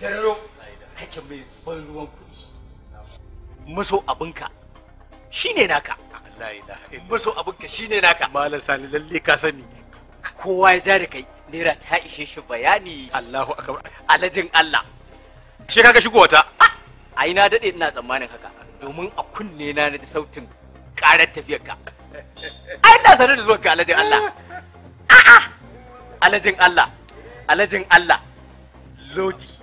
dararo kake mai ban ruwan kuɗi maso abinka shine naka maso abinka shine naka malam sani lalle ka sani kowa ya ja da kai naira ta ishe shi bayani Allahu akbar alajin Allah shi kaga shigo wata ai ah! na dade ina tsammanin haka domin a kunne na na sautin ƙarar tafiyar ka ai ina sanar da zuwa ka alajin Allah a'a alajin Allah alajin Allah lodi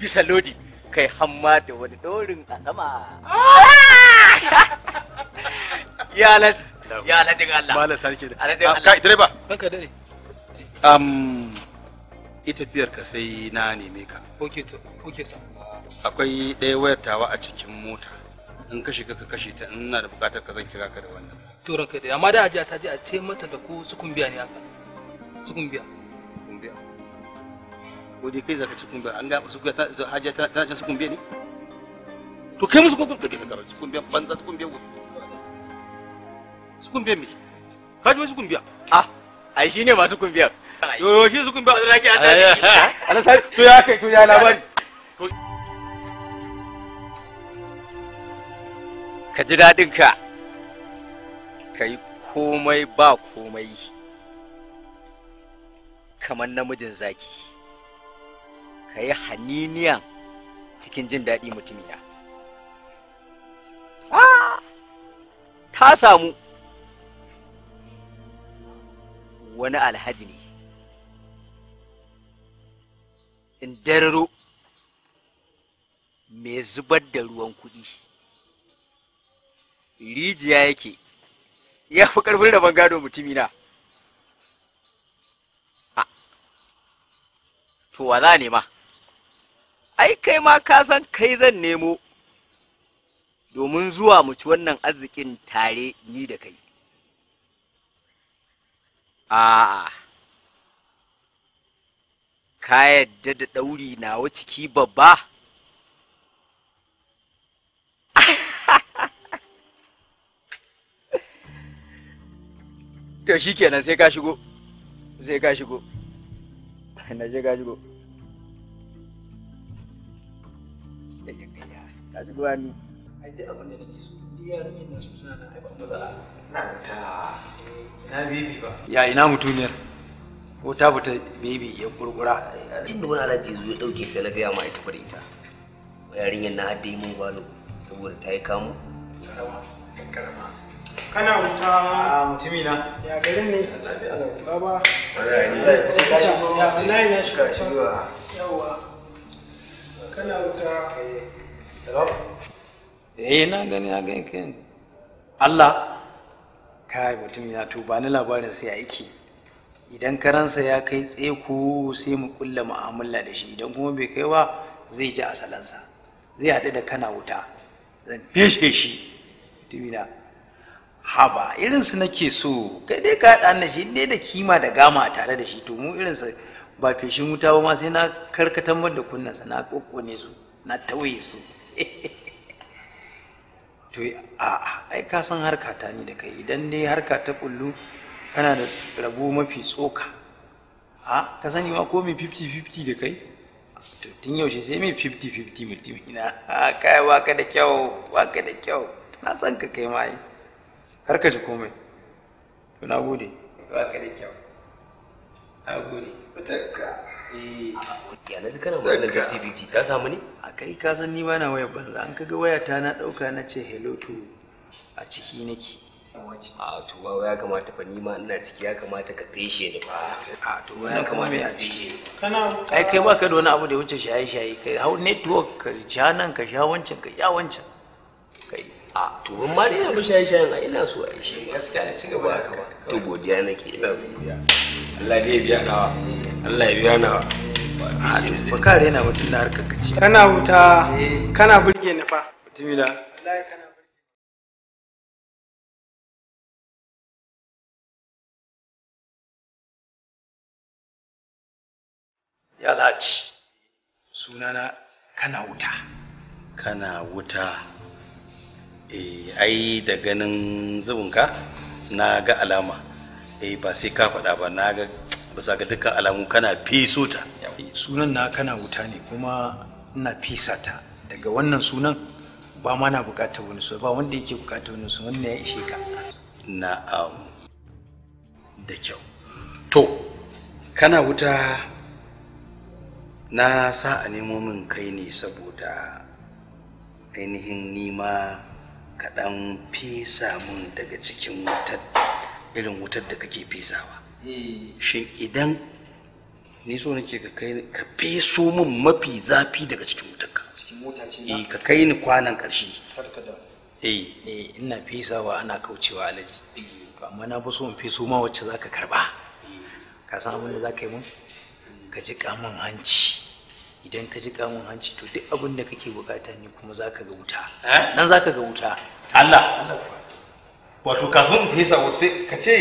bisa lodi kai hamma da wani dorin a sama ya las ya lajin Allah mala sarki da ah, Allah kai direba kanka dare um ita biyar ka sai na neme ka oke to oke sa akwai ɗaya wayar tawa a cikin mota in ka shiga ka kashe ta ina da bukatar ka zan kira ka da wannan to ranka dai amma da ajiya ta je a ce mata da ko sukun biya ne haka sukun biya ko dai kai zaka ci kumbiya an ga su ta hajiya ta ta su kumbiya ne to kai musu kokon kake karar su kumbiya banza su kumbiya su kumbiya me ka ji su kumbiya ah ai shine masu kumbiya yo yo shi su kumbiya zaki an ta eh. Allah sai to ya kai to ya labari to ka ji dadin ka kai komai ba komai kamar namijin zaki ka yi haniniya cikin jin daɗi mutumina ah, ta samu wani alhaji ne in dararo mai zubar da ruwan kuɗi rijiya yake ya fi ƙarfin da ban gado mutumina ah, to wa za nema ai kai ma ka san kai zan nemo domin zuwa mu ci wannan arzikin tare ni da kai a'a ka yadda da ɗauri nawa ciki babba to shikenan sai ka shigo sai ka shigo na sai ka shigo Asgwani. Ai abin da nake so, na suna na ina ba. Ya ina mutuniyar. fita ya kurkura. Tun da wani alaji zo ya ta na gaya ma ita ita. na hadda mun gwalo saboda ta yi kamu. Karama, karama. Kana wuta Ya garin ne. Baba. ne. Ya wallahi na shiga. Yawwa. Kana wuta. eh na gani gani Allah kai mutum ya tuba ni labarin sai aiki idan karansa ya kai tseku sai mu kulla mu'amala da shi idan kuma bai kai ba zai ji asalansa zai haɗu da kana wuta zan feshe shi mutumina haba irinsu nake so kai dai ka haɗa shi dai da kima da gama tare da shi to mu irinsa ba feshin wuta ba ma sai na karkatan da kunnansa na kokkone su na tauye su to a ai ka san harka ta ni da kai idan dai harka ta kullu kana da rabo mafi tsoka a ka sani ma ko mai fifty 50 da kai to tun yaushe sai mai fifty 50 mutumina a kai waka da kyau waka da kyau na san ka kai ma yi karkace komai to na gode waka da kyau na gode fitakka Eh, ya na kana magana da tvt ta samu ne a kai ka san ni bana waya banza an kaga waya ta na dauka na ce hello to a ciki nake a to ba waya kamata fa ni ma ina ciki ya kamata ka feshe ni fa a to waya kamata a ciki kana ai kai ka da wani abu da ya wuce shaye shaye kai hau network ka sha nan ka sha wancan ka ya wancan kai a to ban ma dai bi shayin shayin a ina so a shi eh, gaskiya ne cigaba da haka to godiya nake ina godiya Allah ya biya nawa Allah ya biya nawa ba mutum da harkar kaci kana wuta eh. kana burge ni fa jimila Ya sunana kana wuta. Kana wuta. Eh, ai da ganin zubinka na ga alama eh ba sai ka faɗa ba na ga bisa ga dukkan alamu kana fiso ta sunan na kana wuta ne kuma ina fisa ta daga wannan sunan ba ma na bukatar wani so ba wanda yake bukatar wani so wannan ya ishe ka na'am da kyau to kana wuta na sa a nemo min kai ne saboda ainihin nima kaɗan fesa mun daga cikin wutar irin wutar da kake fesawa eh. shin idan ni so nake ka kai ka feso mun mafi zafi daga cikin wutar ka eh ka kai ni kwanan ƙarshe eh. eh ina fesawa ana kaucewa alaji eh. to amma na fi so in feso ma wacce zaka karba ka san abin da zaka yi mun ka ji kamun hanci idan ka ji kamun hanci to duk abin da kake bukata ne kuma za ka ga wuta eh? nan za ka ga wuta Allah wato kafin fesa wasu ka ce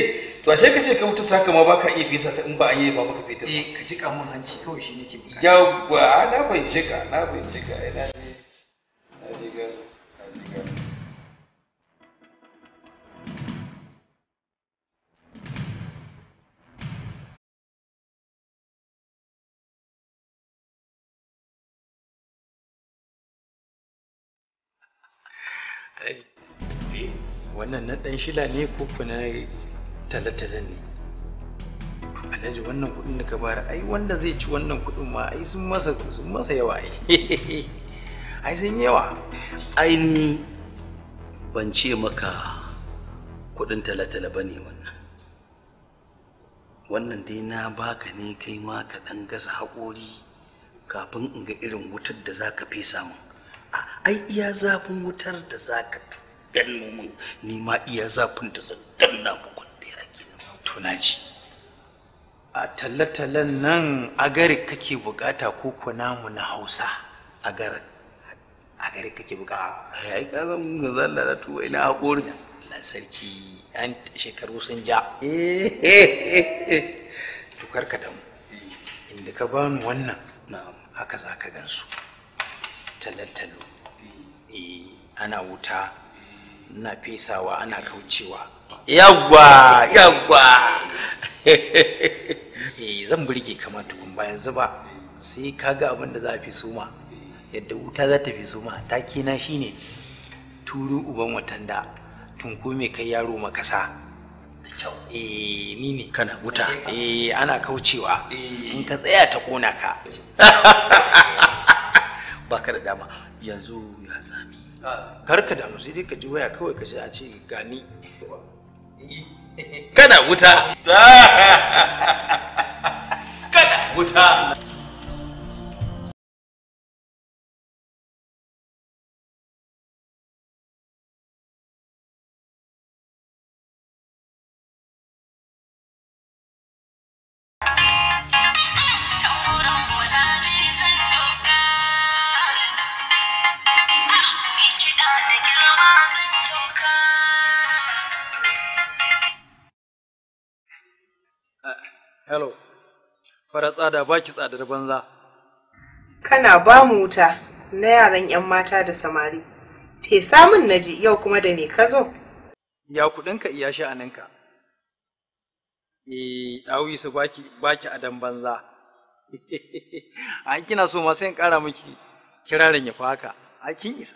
to ashe ka ce ka wuta taka ma baka iya fesa ta in ba an yi ba baka fita eh ka ji kamun hanci kawai shi nake bukata yawwa na bai ka na bai ka ina ne na riga Eh, wannan na ɗan shila ne ko kuna talatala ne alhaji wannan kuɗin da ka bara ai wanda zai ci wannan kuɗin ma ai sun masa sun masa yawa eh. ai ai sun yawa ai ni ban ce maka kuɗin talatala ba wannan wannan dai na baka ne kai ma ka ɗan gasa haƙori kafin in ga irin wutar da za ka fesa mun ai iya zafin wutar da za ka gan min ni ma iya zafin da zan ganna muku da ya to na ji a talle nan agari kake bukata ko ko namu na hausa agarin agari kake bukata ya yi zan ga zalla da tuwa na haƙori na sarki an shekaru sun ja eh. to ka damu inda ka bani wannan haka za ka gansu tallan tallo E, ana wuta na fesawa ana kaucewa yawwa yawwa eh zan burge kamar tukun bayan zuba sai kaga abin da za a fi suma yadda wuta za ta fi suma take na shine turu uban watan da tunko mai kai yaro makasa eh ni ne kana wuta eh ana kaucewa e. in ka tsaya ta kona ka baka da dama yanzu ya sami kar ka damu sai dai ka ji waya kawai ka ce a ce gani kana wuta kana wuta Hello. Fara tsada ba ki tsadar banza. Kana ba mu wuta na yaran 'yan mata da samari. Fesa min naji yau kuma da me ka zo? Ya kuɗinka iya sha'aninka. Eh, ɗawi su baki baki dan banza. An kina so ma sai in ƙara miki kirarin ya haka. A kin isa.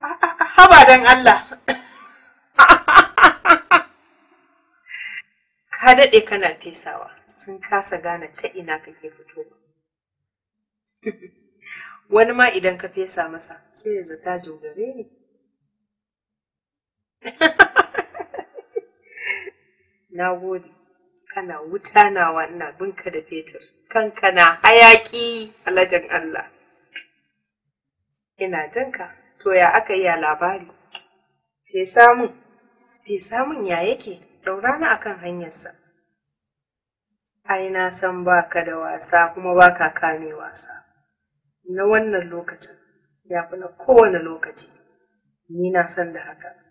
Haba dan Allah. ka daɗe kana fesawa sun kasa gane ta ina kake fitowa wani ma idan ka fesa masa sai ya zata jogare ne na gode kana wuta nawa ina binka da fetur kanka na hayaki alajan Allah ina jinka to ya aka yi labari fesa mun fesa mun ya yake ɗaura ni akan hanyarsa ai na san baka da wasa kuma baka kame wasa na wannan lokacin ya fi na kowane lokaci ni na san da haka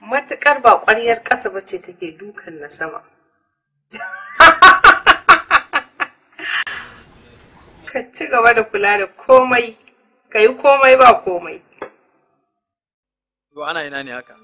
matuƙar ba ƙwaryar ƙasa ba ce take dukan na sama ka ci gaba da kula da komai ka yi komai ba komai to ana ina ne haka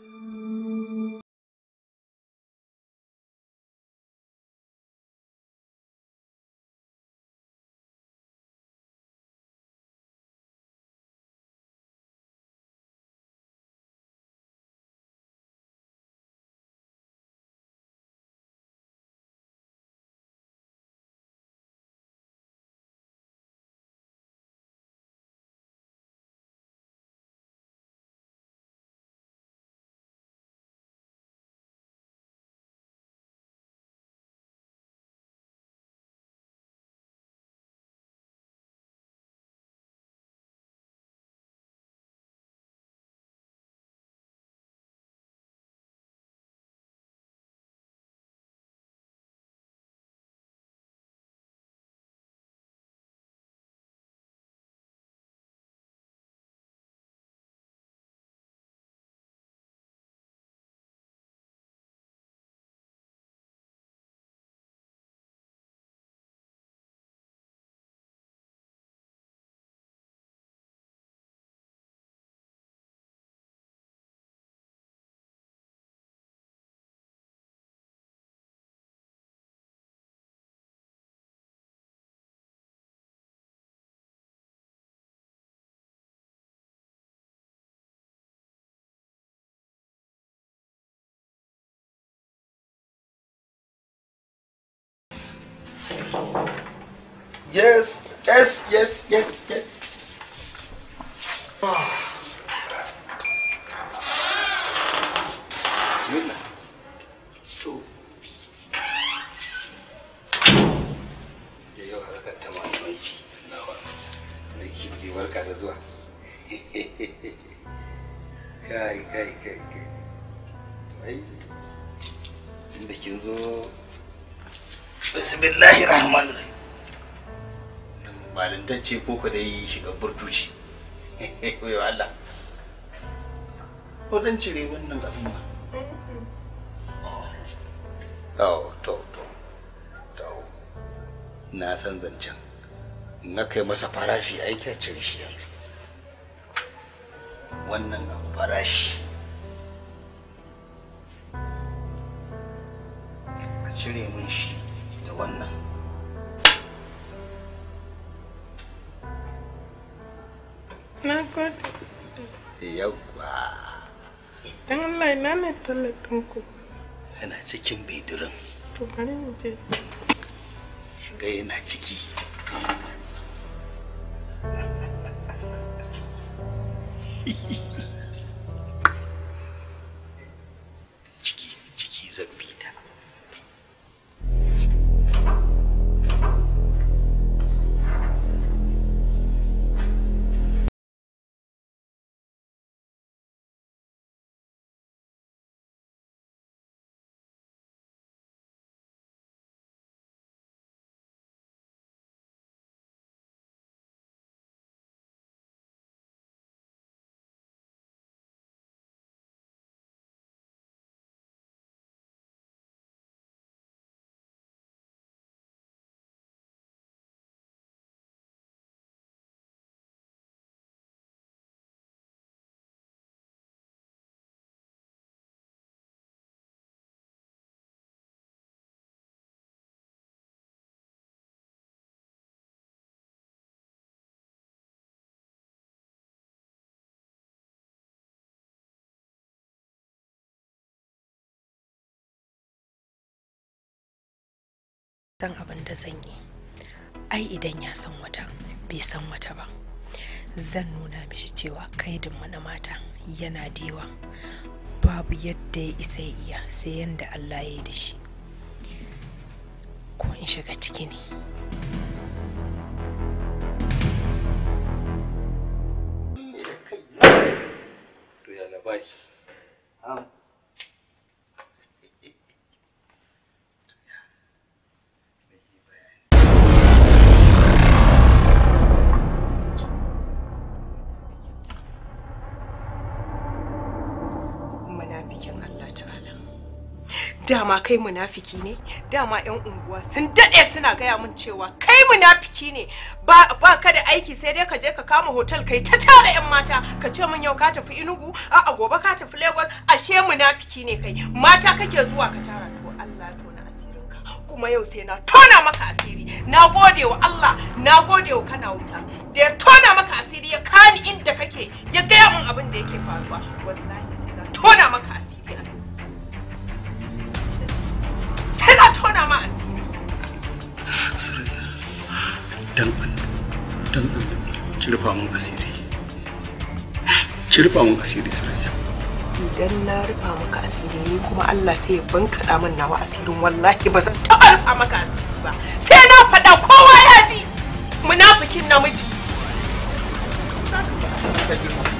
Yes, yes, yes, yes, yes. Ah. bismillahir rahmanir rahim malintacce ko ku dai shiga burtuci wai Allah ko dan cire wannan abin ma to to to na san zancen na kai masa farashi aiki a cire shi yanzu wannan abu farashi na gode yawwa dan Allah ina ne tallafin ku yana cikin bidirin to bari mu je ga yana ciki Hee san abin da zan yi ai idan ya san wata bai san wata ba zan nuna mishi cewa kaidinmu mana mata yana dewa babu yadda ya isa ya iya sai yadda allah ya yi da shi ko in shiga ciki ne to Uh ah. -huh. dama kai munafiki ne dama yan unguwa sun dade suna gaya mun cewa kai munafiki ne ba, ba ka da aiki sai dai ka je ka kama hotel kai ta tara yan mata ka ce min yau ka tafi inugu a gobe ka tafi lagos ashe munafiki ne kai mata kake zuwa ka tara to allah tona ka kuma yau sai na tona maka asiri na gode wa allah na gode wa kana wuta da ya tona maka asiri ya kani inda kake ya gaya min abin da yake faruwa wallahi sai na tona maka dan Allah dan Allah ki rufa mun asiri ki rufa mun asiri sarayya idan na rufa maka asiri ni kuma Allah sai ya bankaɗa min nawa asirin wallahi ba zan taɓa rufa maka asiri ba sai na faɗa kowa ya ji munafikin namiji Thank you.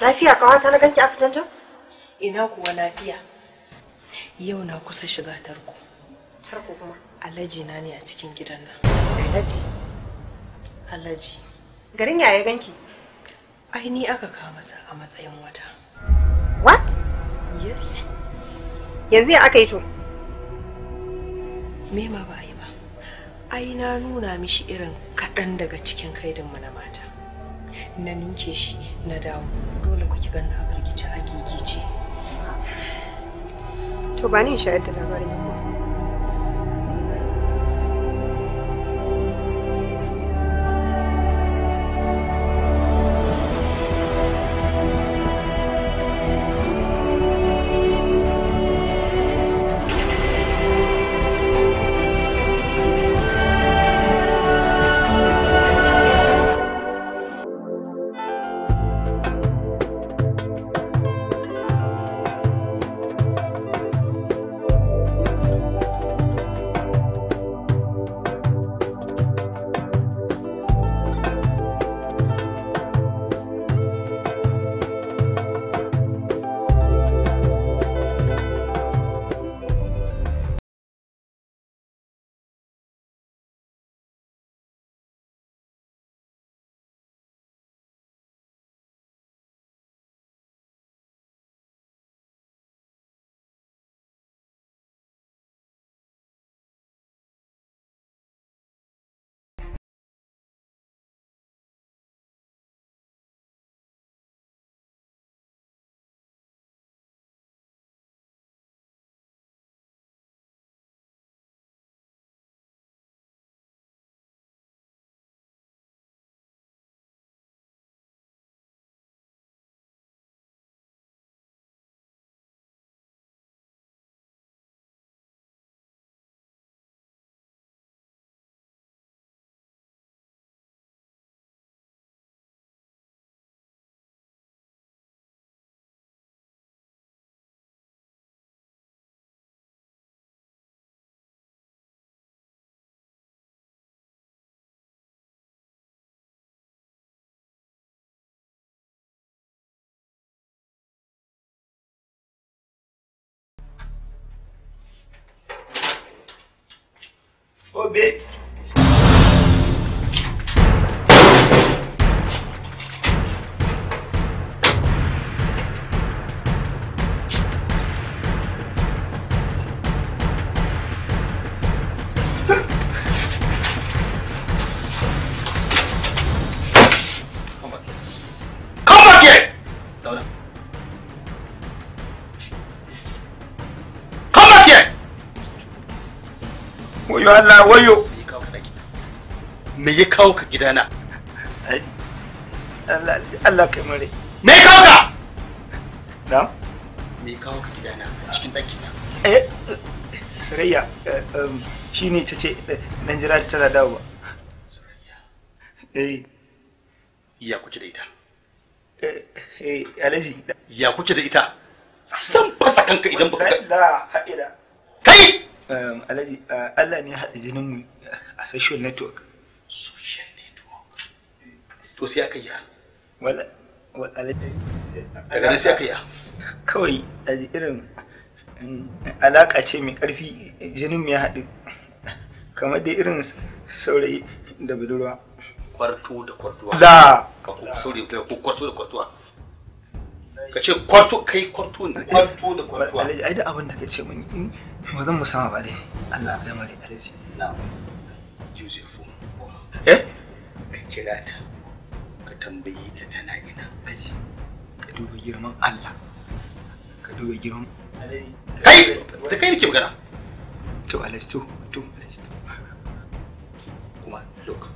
Lafiya wata na ganki a fitan can? Ina kuwa lafiya. Yau na kusa shiga tarko. Tarko kuma? Alhaji na ne a cikin gidan nan. Alhaji? Alhaji. Garin yaya ganki? Ai ni aka kawo masa a matsayin wata. What? Yes. Yanzu ya aka yi to? Me ma ba yi ba. Ai na nuna mishi irin kaɗan daga cikin kaidinmu na mata. Na ninke shi na dawo. ki ganna a firgice a gigice to ba ni shayar da labarin obé wayo Allah wayo me ya kawo ka gidana Allah kai mare me ya kawo ka na me ya kawo ka gidana cikin ɗaki na eh sarayya eh, um, shine ta ce eh, nan jira ta tana dawowa sarayya eh ya kuke da ita eh, eh alaji ya kuke da ita zan fasa kanka idan baka kai kai Um, alhaji uh, Allah ne haɗa jinin mu a social network. Social network. To sai aka yi Wala alhaji daga sai aka yi Kawai alhaji irin um, alaƙa ce mai ƙarfi jinin mu ya haɗu kamar da irin saurayi da budurwa. Kwarto da kwartuwa. Da. Saurayi da kwarto da kwartuwa. ka ce kwarto kai kwarto ne kwarto da kwartuwa ai da abin da ka ce mun ba zan musamman ba dai Allah ya mare alisi na Yusufu eh ka kira ta ka tambaye ta tana ina aji ka duba girman Allah ka duba girman kai da kai nake magana to alisi to to alisi kuma look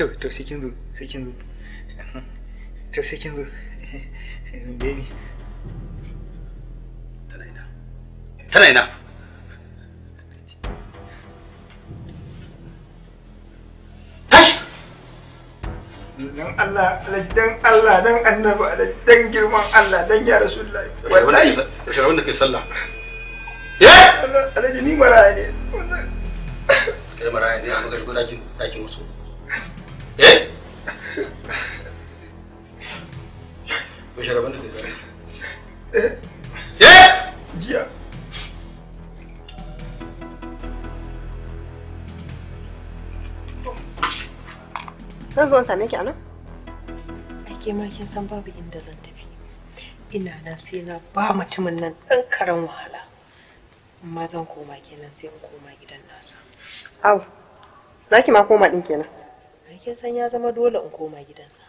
to to sai kin zo sai kin zo to sai kin zo baby tana ina tana ina dan Allah dan Allah dan annaba dan girman Allah dan ya rasulullah wallahi yaushe rabin da kai sallah eh, eh? alaji ni maraya ne kai maraya ne amma ka shigo dakin dakin wasu eh, eh? eh? zan zo same ki anan ake ma kin san babu inda zan tafi ina nan sai na ba mutumin nan dan karan wahala amma zan koma kenan sai in koma gidan nasa au zaki ma koma ɗin kenan kin san ya zama dole in koma gidansa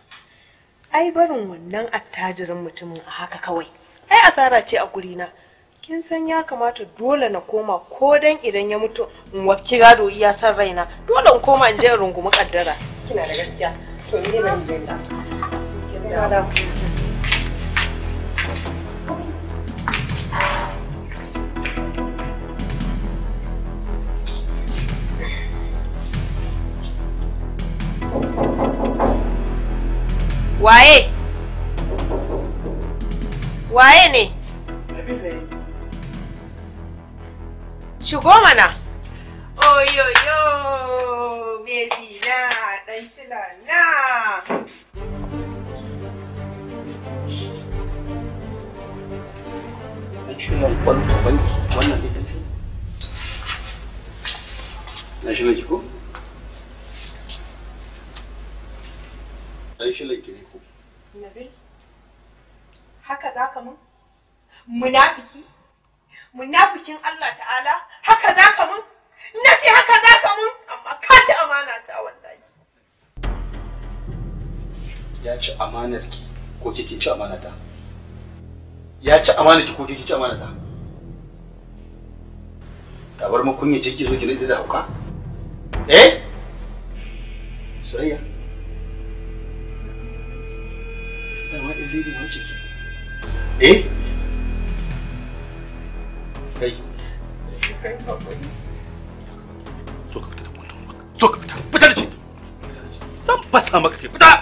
ai barin wannan attajirin mutumin a haka kawai ai asara ce a gurina kin san ya kamata dole na koma ko dan idan ya mutu in wakki gado iya san raina dole in koma in je in rungumi kaddara kina da gaskiya to ni ban je ta Waye? Waye ne? Shigo mana. Oyoyo, baby na, ɗan shila na. Ɗan shila wannan ne Na shila jiko? yi shirin ki ne ko nabil haka za ka mun munafiki munafikin Allah ta'ala haka za ka mun na ce haka za ka mun amma ka ci amana ta wallahi ya ci amanar ki ko kike ci amana ta ya ci amana ki ko kike ci amana ta tabar makunya ce ki zo ki da hauka eh yeah. dama in lady wance ke eh kai kai ka fita da so ka fita fita da shi zan maka ke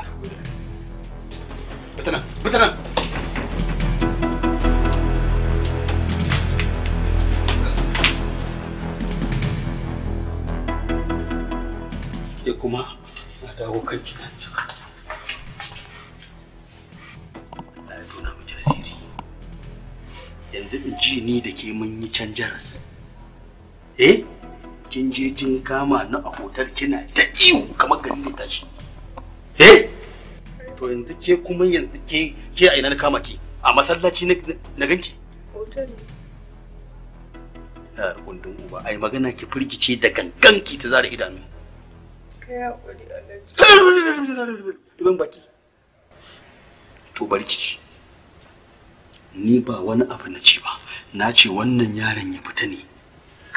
kin kama na abotar kina ta iyo kamar gari zai tashi eh to yanzu ke kuma yanzu ke ke a ina na kama ki a masallaci na ganki hotel yar kundin uba ai magana ki firgice da gangan ta zara idanu kai hakuri Allah. ibn baki to bari ki ci ni ba wani abu na ci ba na ce wannan yaron ya fita ne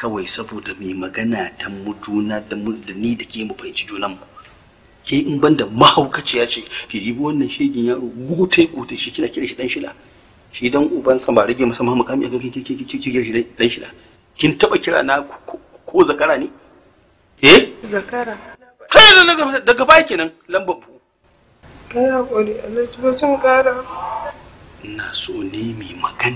kawai saboda mai magana ta mutuna da ni da ke mu fahimci junanmu ke in banda mahaukaciya ce ki jibi wannan shegin yaro gute gute shi kina kira shi dan shila shi dan uban sa ba rage masa mahamu kamiya kake kike kike kike shi dan shila kin taba kira na ko zakara ne eh zakara kai da na daga baya kenan lambar ku kai hakuri Allah ji ba sun kara ina so ne mai magana